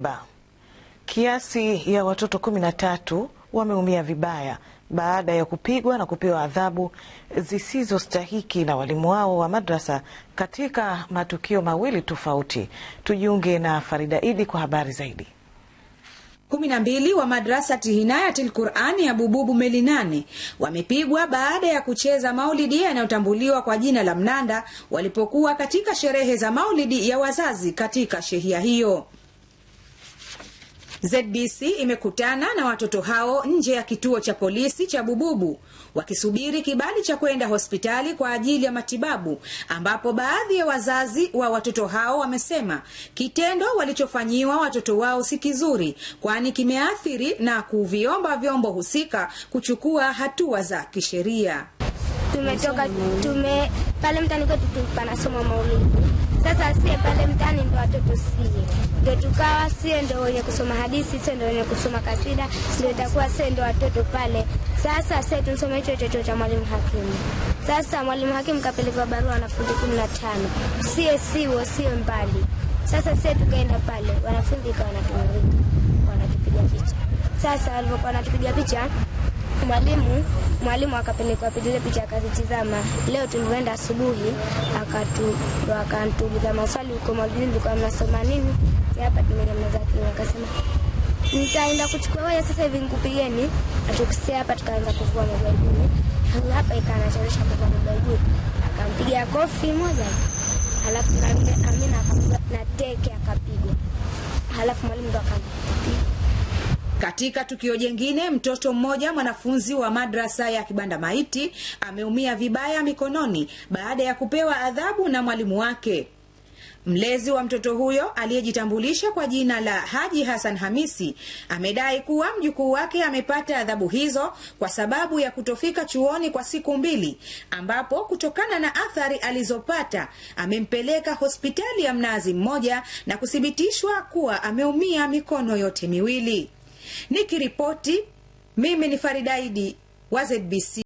Ba. Kiasi ya watoto kumi na tatu wameumia vibaya baada ya kupigwa na kupewa adhabu zisizostahiki na walimu wao wa madrasa katika matukio mawili tofauti. Tujiunge na Farida Idi kwa habari zaidi. Kumi na mbili wa madrasati Hinayatil Qurani ya Bububu nane wamepigwa baada ya kucheza maulidi yanayotambuliwa kwa jina la mnanda walipokuwa katika sherehe za maulidi ya wazazi katika shehia hiyo. ZBC imekutana na watoto hao nje ya kituo cha polisi cha Bububu wakisubiri kibali cha kwenda hospitali kwa ajili ya matibabu, ambapo baadhi ya wazazi wa watoto hao wamesema kitendo walichofanyiwa watoto wao si kizuri, kwani kimeathiri na kuviomba vyombo husika kuchukua hatua za kisheria. Tumetoka tume pale mtani kwetu panasoma maulidi, sasa sie pale mtani ndo watoto sie ndio tukawa sie ndio wenye kusoma hadithi, sie ndio wenye kusoma kasida, ndio itakuwa sie ndio watoto pale. Sasa sie tulisoma hicho chochote cha mwalimu Hakimu. Sasa mwalimu Hakimu kapeleka barua wanafunzi kumi na tano, sie siwo, sie mbali. Sasa sie tukaenda pale, wanafunzi ikawa wanatumurika, wanatupiga picha. Sasa walivyokuwa wanatupiga picha mwalimu mwalimu akapeleka zile picha akazitizama. Leo tulienda asubuhi, akatu akantuuliza maswali uko mwalimu, kwa mnasoma nini? Hapa tumelemeza kile, akasema nitaenda kuchukua waya sasa hivi nikupigeni. Atukisia hapa, tukaanza kuvua mabaibui hapa, ikaanachelesha kuvua mabaibui, akampiga kofi moja, halafu kaambia Amina akapiga na teke akapigwa, halafu mwalimu ndo akampiga katika tukio jengine, mtoto mmoja mwanafunzi wa madrasa ya Kibanda Maiti ameumia vibaya mikononi baada ya kupewa adhabu na mwalimu wake. Mlezi wa mtoto huyo aliyejitambulisha kwa jina la Haji Hassan Hamisi amedai kuwa mjukuu wake amepata adhabu hizo kwa sababu ya kutofika chuoni kwa siku mbili, ambapo kutokana na athari alizopata amempeleka hospitali ya Mnazi Mmoja na kuthibitishwa kuwa ameumia mikono yote miwili. Nikiripoti mimi ni faridaidi wa ZBC.